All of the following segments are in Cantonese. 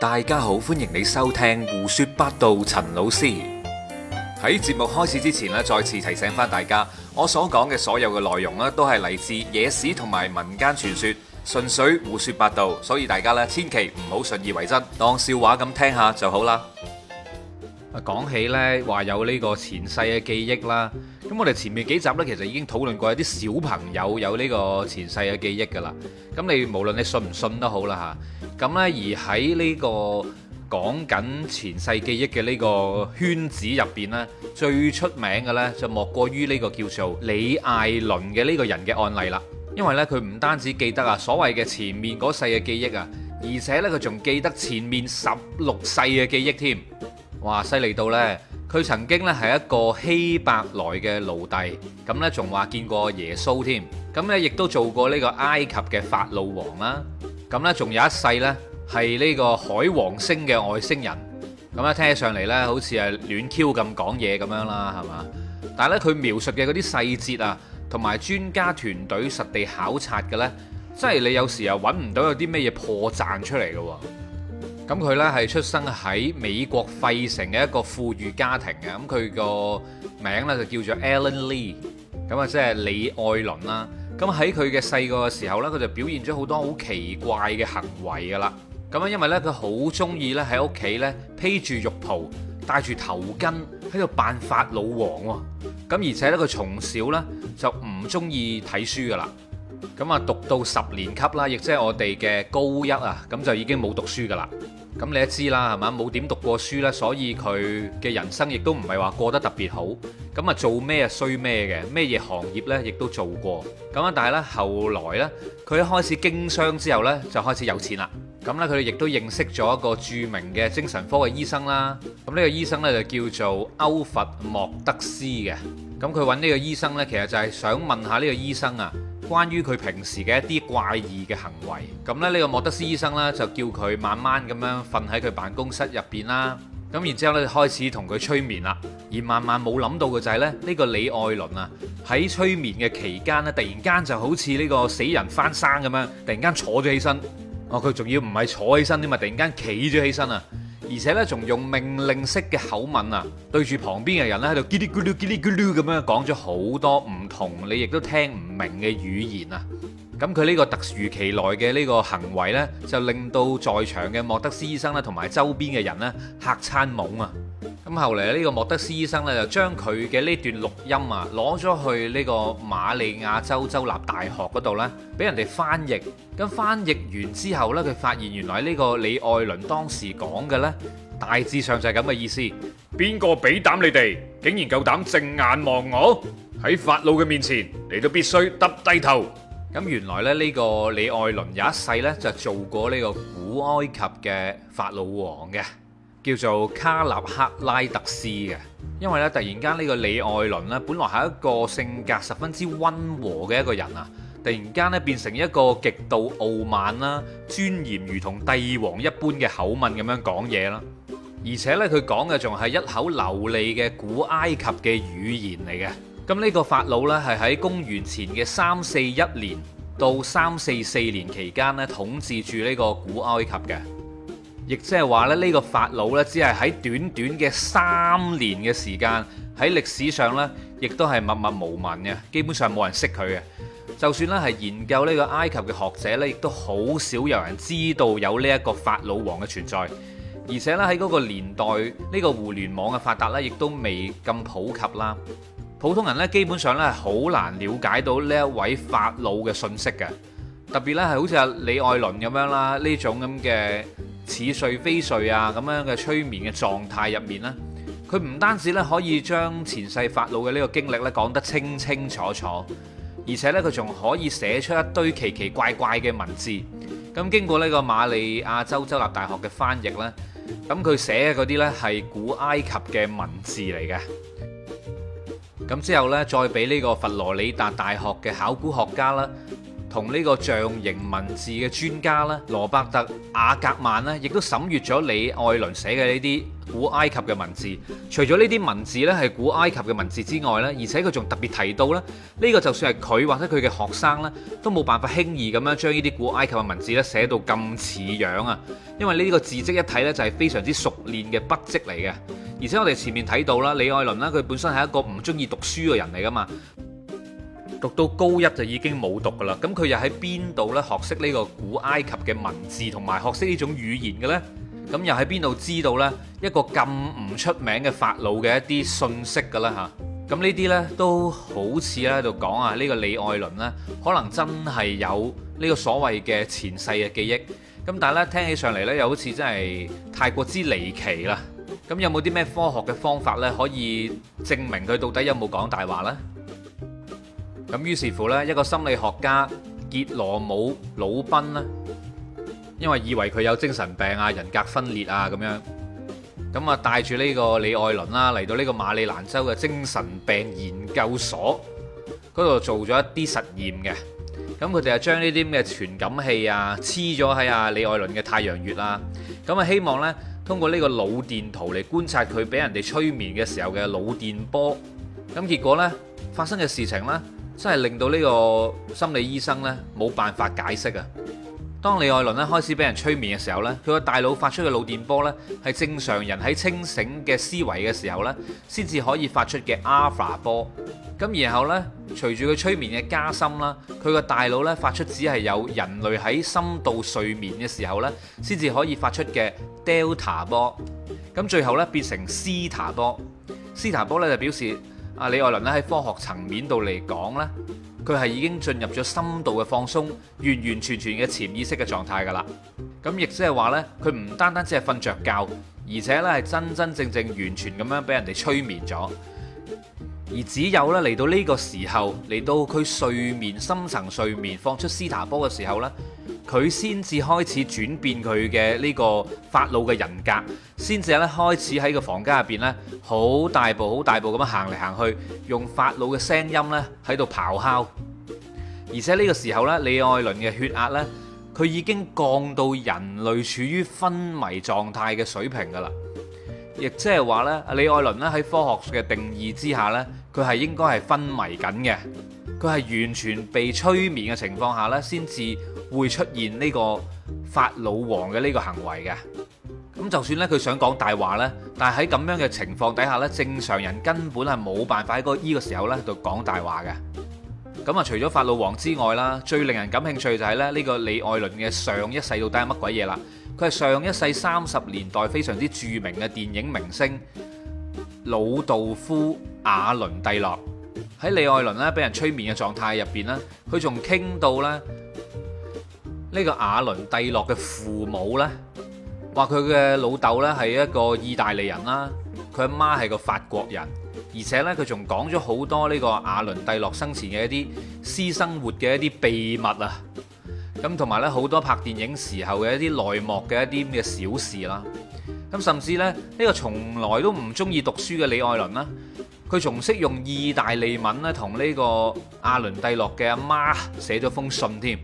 大家好，歡迎你收聽胡說八道。陳老師喺節目開始之前咧，再次提醒翻大家，我所講嘅所有嘅內容咧，都係嚟自野史同埋民間傳說，純粹胡說八道，所以大家咧千祈唔好信以為真，當笑話咁聽下就好啦。講起咧，話有呢個前世嘅記憶啦。咁我哋前面幾集呢，其實已經討論過一啲小朋友有呢個前世嘅記憶㗎啦。咁你無論你信唔信都好啦嚇。咁呢，而喺呢個講緊前世記憶嘅呢個圈子入邊呢，最出名嘅呢，就莫過於呢個叫做李艾倫嘅呢個人嘅案例啦。因為呢，佢唔單止記得啊所謂嘅前面嗰世嘅記憶啊，而且呢，佢仲記得前面十六世嘅記憶添。哇！犀利到呢！佢曾經咧係一個希伯來嘅奴隸，咁咧仲話見過耶穌添，咁咧亦都做過呢個埃及嘅法老王啦，咁咧仲有一世咧係呢個海王星嘅外星人，咁咧聽起上嚟咧好似係亂 Q 咁講嘢咁樣啦，係嘛？但係咧佢描述嘅嗰啲細節啊，同埋專家團隊實地考察嘅咧，即係你有時又揾唔到有啲咩嘢破綻出嚟嘅喎。咁佢呢係出生喺美國費城嘅一個富裕家庭嘅，咁佢個名呢就叫做 Alan Lee，咁啊即係李愛倫啦。咁喺佢嘅細個嘅時候呢，佢就表現咗好多好奇怪嘅行為噶啦。咁啊，因為呢，佢好中意呢喺屋企呢披住浴袍，戴住頭巾喺度扮法老王。咁而且呢，佢從小呢就唔中意睇書噶啦。咁啊，讀到十年級啦，亦即係我哋嘅高一啊，咁就已經冇讀書噶啦。咁你都知啦，係嘛？冇點讀過書咧，所以佢嘅人生亦都唔係話過得特別好。咁啊，做咩啊衰咩嘅？咩嘢行業呢亦都做過。咁啊，但係呢，後來呢，佢開始經商之後呢，就開始有錢啦。咁呢，佢亦都認識咗一個著名嘅精神科嘅醫生啦。咁、呢、呢個醫生呢，就叫做歐佛莫德斯嘅。咁佢揾呢個醫生呢，其實就係想問下呢個醫生啊。關於佢平時嘅一啲怪異嘅行為，咁咧呢個莫德斯醫生咧就叫佢慢慢咁樣瞓喺佢辦公室入邊啦，咁然之後咧開始同佢催眠啦，而萬萬冇諗到嘅就係咧，呢個李愛倫啊喺催眠嘅期間呢，突然間就好似呢個死人翻生咁樣，突然間坐咗起身，哦，佢仲要唔係坐起身添嘛，突然間企咗起身啊！而且咧，仲用命令式嘅口吻啊，對住旁邊嘅人咧喺度嘰哩咕嚕嘰哩咕嚕咁樣講咗好多唔同，你亦都聽唔明嘅語言啊！咁佢呢個突如其來嘅呢個行為呢就令到在場嘅莫德斯醫生咧，同埋周邊嘅人咧，嚇餐懵啊！咁後嚟呢個莫德斯醫生咧，就將佢嘅呢段錄音啊，攞咗去呢個馬利亞州州立大學嗰度咧，俾人哋翻譯。咁翻譯完之後呢，佢發現原來呢個李愛倫當時講嘅呢，大致上就係咁嘅意思。邊個俾膽你哋，竟然夠膽正眼望我？喺法老嘅面前，你都必須耷低頭。咁原來咧，呢、呢個李愛倫有一世呢，就是、做過呢個古埃及嘅法老王嘅。叫做卡納克拉特斯嘅，因為咧突然間呢個李愛倫呢，本來係一個性格十分之温和嘅一個人啊，突然間呢變成一個極度傲慢啦、尊嚴如同帝王一般嘅口吻咁樣講嘢啦，而且呢，佢講嘅仲係一口流利嘅古埃及嘅語言嚟嘅。咁、這、呢個法老呢，係喺公元前嘅三四一年到三四四年期間呢統治住呢個古埃及嘅。亦即係話咧，呢個法老呢，只係喺短短嘅三年嘅時間喺歷史上呢，亦都係默默無聞嘅，基本上冇人識佢嘅。就算咧係研究呢個埃及嘅學者呢，亦都好少有人知道有呢一個法老王嘅存在。而且呢，喺嗰個年代，呢個互聯網嘅發達呢，亦都未咁普及啦。普通人呢，基本上呢，係好難了解到呢一位法老嘅信息嘅，特別呢，係好似阿李愛倫咁樣啦，呢種咁嘅，似睡非睡啊咁樣嘅催眠嘅狀態入面呢，佢唔單止咧可以將前世法老嘅呢個經歷咧講得清清楚楚，而且呢，佢仲可以寫出一堆奇奇怪怪嘅文字。咁經過呢個馬里亞州州立大學嘅翻譯呢，咁佢寫嘅嗰啲呢係古埃及嘅文字嚟嘅。咁之後呢，再俾呢個佛羅里達大學嘅考古學家啦。同呢個象形文字嘅專家啦，羅伯特亞格曼咧，亦都審閱咗李愛倫寫嘅呢啲古埃及嘅文字。除咗呢啲文字咧係古埃及嘅文字之外咧，而且佢仲特別提到咧，呢個就算係佢或者佢嘅學生咧，都冇辦法輕易咁樣將呢啲古埃及嘅文字咧寫到咁似樣啊！因為呢個字跡一睇咧就係非常之熟練嘅筆跡嚟嘅。而且我哋前面睇到啦，李愛倫啦，佢本身係一個唔中意讀書嘅人嚟噶嘛。讀到高一就已經冇讀㗎啦，咁佢又喺邊度咧學識呢個古埃及嘅文字同埋學識呢種語言嘅咧？咁又喺邊度知道咧一個咁唔出名嘅法老嘅一啲信息㗎啦？嚇，咁呢啲咧都好似喺度講啊，呢個李愛倫咧可能真係有呢個所謂嘅前世嘅記憶。咁但係咧聽起上嚟咧又好似真係太過之離奇啦。咁有冇啲咩科學嘅方法咧可以證明佢到底有冇講大話咧？咁於是乎呢，一個心理學家傑羅姆魯賓咧，因為以為佢有精神病啊、人格分裂啊咁樣，咁啊帶住呢個李愛倫啦嚟到呢個馬里蘭州嘅精神病研究所嗰度做咗一啲實驗嘅。咁佢哋啊將呢啲咁嘅傳感器啊黐咗喺啊李愛倫嘅太陽穴啦，咁啊希望呢，通過呢個腦電圖嚟觀察佢俾人哋催眠嘅時候嘅腦電波。咁結果呢，發生嘅事情呢，真係令到呢個心理醫生呢冇辦法解釋啊！當李愛倫咧開始俾人催眠嘅時候呢，佢個大腦發出嘅腦電波呢，係正常人喺清醒嘅思維嘅時候呢先至可以發出嘅 alpha 波。咁然後呢，隨住佢催眠嘅加深啦，佢個大腦呢發出只係有人類喺深度睡眠嘅時候呢先至可以發出嘅 delta 波。咁最後呢，變成 stata 波。stata 波呢就表示，阿李愛倫咧喺科學層面度嚟講呢，佢係已經進入咗深度嘅放鬆，完完全全嘅潛意識嘅狀態噶啦。咁亦即係話呢，佢唔單單只係瞓着覺，而且呢係真真正正完全咁樣俾人哋催眠咗。而只有咧嚟到呢個時候，嚟到佢睡眠深層睡眠放出斯塔波嘅時候呢，佢先至開始轉變佢嘅呢個法老嘅人格，先至咧開始喺個房間入邊呢，好大步好大步咁樣行嚟行去，用法老嘅聲音呢喺度咆哮。而且呢個時候呢，李愛倫嘅血壓呢，佢已經降到人類處於昏迷狀態嘅水平噶啦，亦即係話呢，李愛倫呢喺科學嘅定義之下呢。佢係應該係昏迷緊嘅，佢係完全被催眠嘅情況下呢先至會出現呢個法老王嘅呢個行為嘅。咁就算呢，佢想講大話呢，但係喺咁樣嘅情況底下呢，正常人根本係冇辦法喺嗰依個時候呢度講大話嘅。咁啊，除咗法老王之外啦，最令人感興趣就係咧呢個李愛倫嘅上一世到底係乜鬼嘢啦？佢係上一世三十年代非常之著名嘅電影明星。魯道夫瓦倫蒂諾喺李愛倫咧俾人催眠嘅狀態入邊咧，佢仲傾到咧呢、這個瓦倫蒂諾嘅父母咧，話佢嘅老豆咧係一個意大利人啦，佢阿媽係個法國人，而且咧佢仲講咗好多呢個瓦倫蒂諾生前嘅一啲私生活嘅一啲秘密啊，咁同埋咧好多拍電影時候嘅一啲內幕嘅一啲嘅小事啦。咁甚至咧，呢、這個從來都唔中意讀書嘅李愛倫啦，佢仲識用義大利文呢，同呢個阿倫蒂諾嘅阿媽寫咗封信添。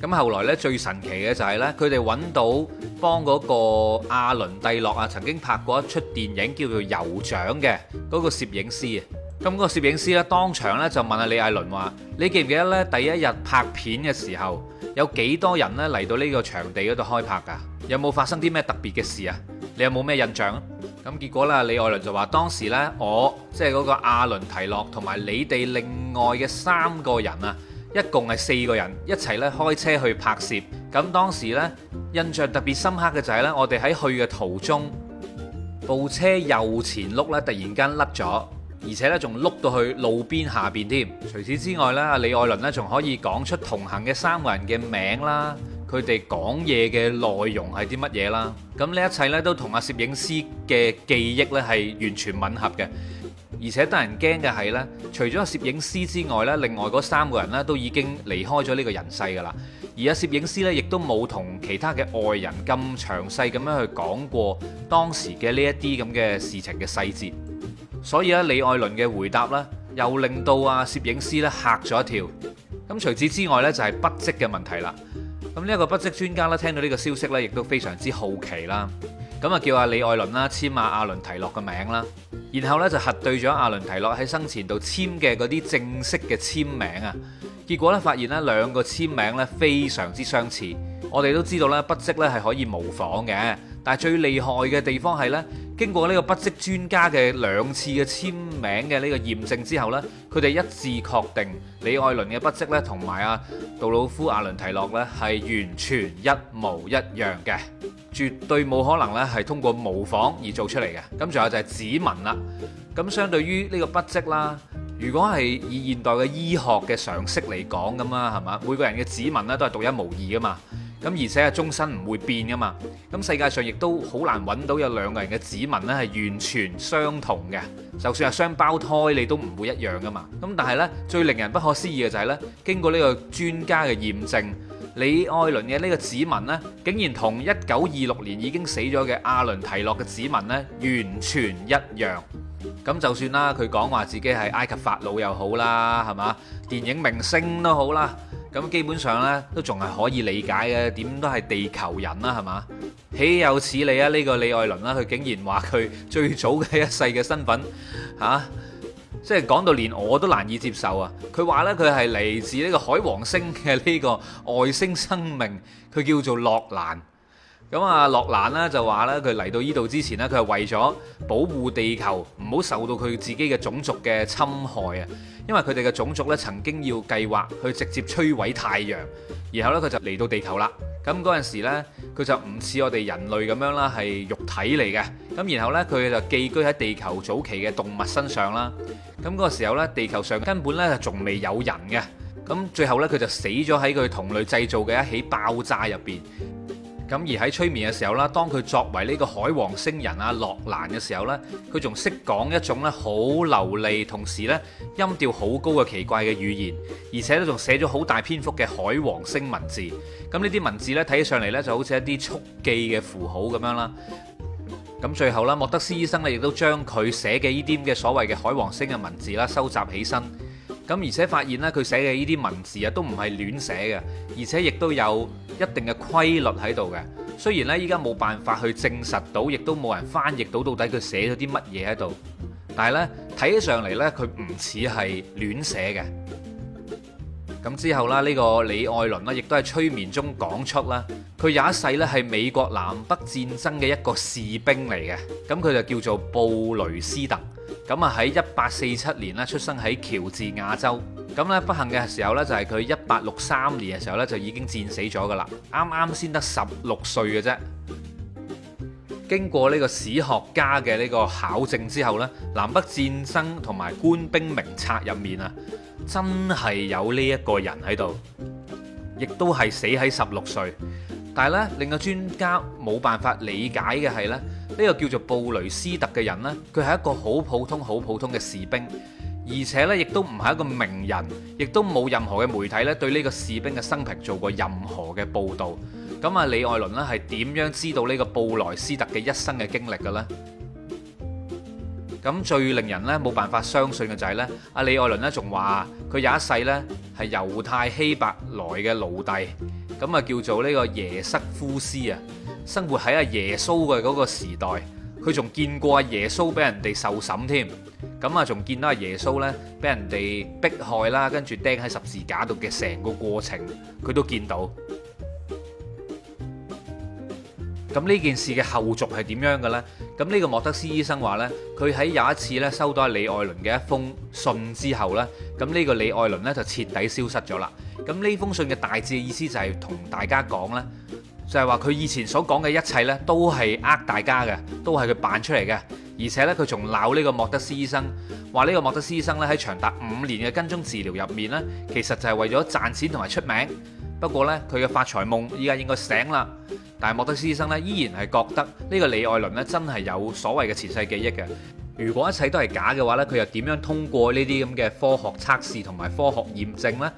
咁後來呢，最神奇嘅就係、是、呢，佢哋揾到幫嗰個阿倫蒂諾啊曾經拍過一出電影叫做《酋長》嘅嗰個攝影師。咁個攝影師咧，當場咧就問阿李艾倫話：你記唔記得咧第一日拍片嘅時候，有幾多人咧嚟到呢個場地嗰度開拍㗎？有冇發生啲咩特別嘅事啊？你有冇咩印象？咁結果咧，李艾倫就話當時咧，我即係嗰個阿倫提諾同埋你哋另外嘅三個人啊，一共係四個人一齊咧開車去拍攝。咁當時咧，印象特別深刻嘅就係咧，我哋喺去嘅途中，部車右前轆咧突然間甩咗。而且咧，仲碌到去路邊下邊添。除此之外咧，李愛倫咧仲可以講出同行嘅三個人嘅名啦，佢哋講嘢嘅內容係啲乜嘢啦。咁呢一切咧都同阿攝影師嘅記憶咧係完全吻合嘅。而且得人驚嘅係咧，除咗攝影師之外咧，另外嗰三個人咧都已經離開咗呢個人世㗎啦。而阿攝影師咧亦都冇同其他嘅外人咁詳細咁樣去講過當時嘅呢一啲咁嘅事情嘅細節。所以咧，李愛倫嘅回答咧，又令到啊攝影師咧嚇咗一跳。咁除此之外咧，就係筆跡嘅問題啦。咁呢一個筆跡專家咧，聽到呢個消息咧，亦都非常之好奇啦。咁啊，叫阿李愛倫啦簽下阿倫提諾嘅名啦，然後咧就核對咗阿倫提諾喺生前度簽嘅嗰啲正式嘅簽名啊。結果咧，發現咧兩個簽名咧非常之相似。我哋都知道咧，筆跡咧係可以模仿嘅，但係最厲害嘅地方係咧，經過呢個筆跡專家嘅兩次嘅簽名嘅呢個驗證之後咧，佢哋一致確定李愛倫嘅筆跡咧同埋阿杜魯夫阿倫提洛咧係完全一模一樣嘅，絕對冇可能咧係通過模仿而做出嚟嘅。咁仲有就係指紋啦。咁相對於呢個筆跡啦。如果係以現代嘅醫學嘅常識嚟講咁啦，係嘛？每個人嘅指紋呢都係獨一無二噶嘛，咁而且係終身唔會變噶嘛。咁世界上亦都好難揾到有兩個人嘅指紋呢係完全相同嘅。就算係雙胞胎，你都唔會一樣噶嘛。咁但係呢，最令人不可思議嘅就係呢，經過呢個專家嘅驗證，李愛倫嘅呢個指紋呢，竟然同一九二六年已經死咗嘅阿倫提洛嘅指紋呢完全一樣。咁就算啦，佢講話自己係埃及法老又好啦，係嘛？電影明星都好啦，咁基本上呢都仲係可以理解嘅，點都係地球人啦，係嘛？豈有此理啊！呢個李愛倫啦，佢竟然話佢最早嘅一世嘅身份，吓，即係講到連我都難以接受啊！佢話呢佢係嚟自呢個海王星嘅呢個外星生命，佢叫做洛蘭。咁啊，洛蘭咧就話咧，佢嚟到呢度之前呢，佢係為咗保護地球唔好受到佢自己嘅種族嘅侵害啊。因為佢哋嘅種族咧，曾經要計劃去直接摧毀太陽，然後呢，佢就嚟到地球啦。咁嗰陣時咧，佢就唔似我哋人類咁樣啦，係肉體嚟嘅。咁然後呢，佢就寄居喺地球早期嘅動物身上啦。咁嗰個時候呢，地球上根本呢就仲未有人嘅。咁最後呢，佢就死咗喺佢同類製造嘅一起爆炸入邊。咁而喺催眠嘅時候啦，當佢作為呢個海王星人阿、啊、洛蘭嘅時候咧，佢仲識講一種咧好流利，同時咧音調好高嘅奇怪嘅語言，而且咧仲寫咗好大篇幅嘅海王星文字。咁呢啲文字咧睇起上嚟咧就好似一啲速記嘅符號咁樣啦。咁最後啦，莫德斯醫生咧亦都將佢寫嘅呢啲嘅所謂嘅海王星嘅文字啦收集起身。咁而且發現咧，佢寫嘅呢啲文字啊，都唔係亂寫嘅，而且亦都有一定嘅規律喺度嘅。雖然呢，依家冇辦法去證實到，亦都冇人翻譯到到底佢寫咗啲乜嘢喺度，但係呢，睇起上嚟呢，佢唔似係亂寫嘅。咁之後啦，呢個李愛倫呢，亦都喺催眠中講出啦，佢有一世呢係美國南北戰爭嘅一個士兵嚟嘅，咁佢就叫做布雷斯特。咁啊喺一八四七年呢出生喺喬治亞州，咁呢不幸嘅時候呢就係佢一八六三年嘅時候呢就已經戰死咗㗎喇，啱啱先得十六歲嘅啫。經過呢個史學家嘅呢個考證之後呢，南北戰爭同埋官兵名冊入面啊，真係有呢一個人喺度，亦都係死喺十六歲。但係咧，令個專家冇辦法理解嘅係咧，呢、呢個叫做布雷斯特嘅人呢，佢係一個好普通、好普通嘅士兵，而且呢亦都唔係一個名人，亦都冇任何嘅媒體咧對呢個士兵嘅生平做過任何嘅報導。咁、嗯嗯、啊，李愛倫呢係點樣知道呢個布雷斯特嘅一生嘅經歷嘅呢？咁最令人咧冇辦法相信嘅就係呢，阿李愛倫呢仲話，佢有一世呢係猶太希伯來嘅奴隸。咁啊，叫做呢個耶瑟夫斯啊，生活喺阿耶穌嘅嗰個時代，佢仲見過阿耶穌俾人哋受審添，咁啊，仲見到阿耶穌呢，俾人哋迫害啦，跟住釘喺十字架度嘅成個過程，佢都見到。咁呢 件事嘅後續係點樣嘅呢？咁、這、呢個莫德斯醫生話呢，佢喺有一次咧收到阿李愛倫嘅一封信之後呢，咁、這、呢個李愛倫呢，就徹底消失咗啦。咁呢封信嘅大致嘅意思就係同大家講咧，就係話佢以前所講嘅一切呢，都係呃大家嘅，都係佢扮出嚟嘅，而且呢，佢仲鬧呢個莫德斯醫生，話呢個莫德斯醫生呢，喺長達五年嘅跟蹤治療入面呢，其實就係為咗賺錢同埋出名。不過呢，佢嘅發財夢依家應該醒啦。但係莫德斯醫生呢，依然係覺得呢個李愛倫呢，真係有所謂嘅前世記憶嘅。如果一切都係假嘅話呢，佢又點樣通過呢啲咁嘅科學測試同埋科學驗證呢？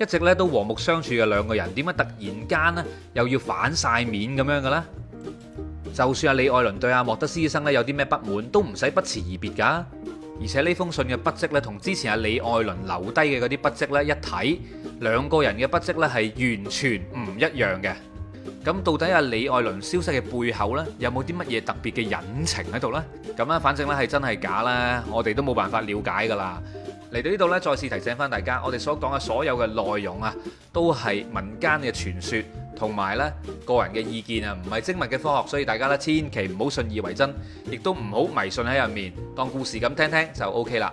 一直咧都和睦相處嘅兩個人，點解突然間咧又要反晒面咁樣嘅咧？就算阿李愛倫對阿莫德斯醫生咧有啲咩不滿，都唔使不辭而別噶。而且呢封信嘅筆跡咧，同之前阿李愛倫留低嘅嗰啲筆跡咧一睇，兩個人嘅筆跡咧係完全唔一樣嘅。咁到底阿李愛倫消失嘅背後呢，有冇啲乜嘢特別嘅隱情喺度呢？咁咧，反正咧係真係假啦，我哋都冇辦法了解噶啦。嚟到呢度咧，再次提醒翻大家，我哋所講嘅所有嘅內容啊，都係民間嘅傳說，同埋咧個人嘅意見啊，唔係精密嘅科學，所以大家咧千祈唔好信以為真，亦都唔好迷信喺入面，當故事咁聽聽就 OK 啦。